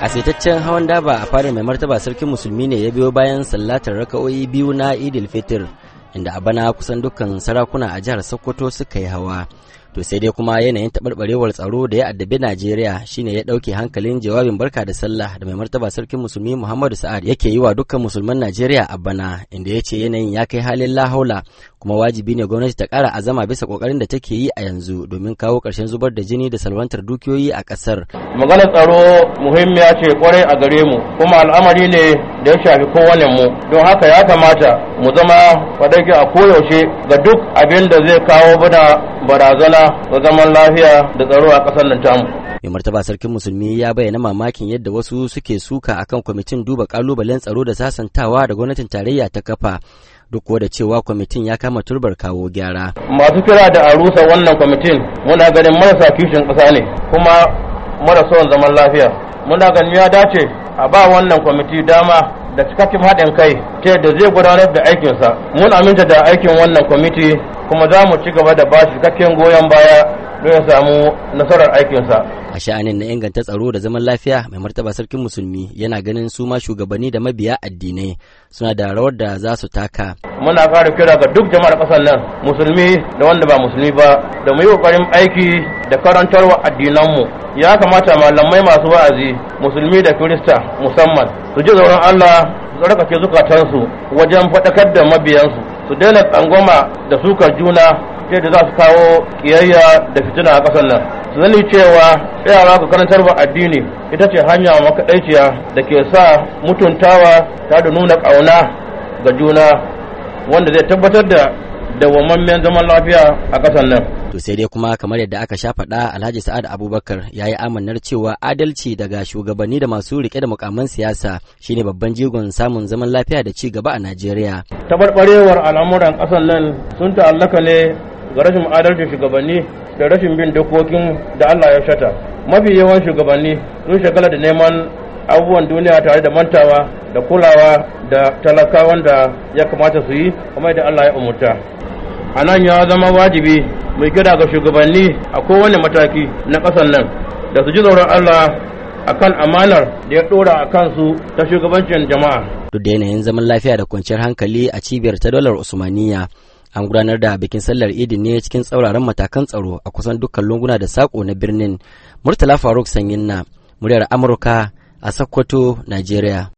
a saitaccen hawan daba a fadar mai martaba sarkin musulmi ne ya biyo bayan sallatar raka'o'i biyu na idil fitr inda a bana kusan dukkan sarakuna a jihar sokoto suka yi hawa to sai dai kuma yanayin taɓarɓarewar tsaro da ya addabi najeriya shine ya ɗauke hankalin jawabin barka da sallah da mai martaba sarkin musulmi muhammadu sa'ad yake yi wa dukkan musulman najeriya a bana inda ya ce yanayin ya kai halin lahaula kuma wajibi ne gwamnati ta ƙara azama bisa ƙoƙarin da take yi a yanzu domin kawo ƙarshen zubar da jini da salwantar dukiyoyi a ƙasar. maganar tsaro muhimmiya ce kwarai a gare mu kuma al'amari ne da ya shafi kowane mu don haka ya kamata mu zama faɗaki a koyaushe ga duk abin da zai kawo bada barazana da zaman lafiya da tsaro a ƙasar nan tamu. mai martaba sarkin musulmi ya bayyana mamakin yadda wasu suke suka akan kwamitin duba kalubalen tsaro da sasantawa da gwamnatin tarayya ta kafa duk da cewa kwamitin ya kama turbar kawo gyara. masu kira da arusa wannan kwamitin muna ganin marasa kishin ƙasa ne kuma marasa zaman lafiya muna ganin ya dace a ba wannan kwamiti dama da cikakken haɗin kai ta yadda zai gudanar da aikinsa mun aminta da aikin wannan kwamiti kuma za mu ci gaba da ba shi cikakken goyon baya don ya samu nasarar aikinsa. A sha'anin na inganta tsaro da zaman lafiya mai martaba sarkin musulmi yana ganin su ma shugabanni da mabiya addinai suna da rawar da za su taka. Muna ƙara kira ga duk jama'ar ƙasar nan musulmi da wanda ba musulmi ba da mu yi ƙoƙarin aiki da karantarwa addinanmu ya kamata malamai masu wa'azi musulmi da kirista musamman su ji tsoron Allah su tsarkake zukatansu wajen faɗakar da mabiyansu su daina tsangwama da sukar juna yadda za su kawo kiyayya da fitina a ƙasar nan su zani cewa tsayawa ku karantar ba addini ita ce hanya makaɗaiciya da ke sa mutuntawa ta da nuna ƙauna ga juna wanda zai tabbatar da da dawwammamen zaman lafiya a ƙasar nan. To sai dai kuma kamar yadda aka sha faɗa Alhaji Sa'ad Abubakar ya yi amannar cewa adalci daga shugabanni da masu rike da mukaman siyasa shine babban jigon samun zaman lafiya da ci gaba a Najeriya. Tabarbarewar al'amuran ƙasar nan sun ta'allaka ne ga rashin adalcin shugabanni da rashin bin dokokin da Allah ya shata. Mafi yawan shugabanni sun shagala da neman abubuwan duniya tare da mantawa da kulawa da talakawan da ya kamata su yi kuma da Allah ya umurta a nan ya zama wajibi mai gida ga shugabanni a kowane mataki na ƙasar nan da su ji tsoron Allah kan amanar da ya dora a kansu ta shugabancin jama'a duk da yanayin zaman lafiya da kwanciyar hankali a cibiyar ta dolar usmaniya an gudanar da bikin sallar idi ne cikin tsauraran matakan tsaro a kusan dukkan lunguna da sako na birnin murtala faruk sanyin na muryar amurka a sokoto nigeria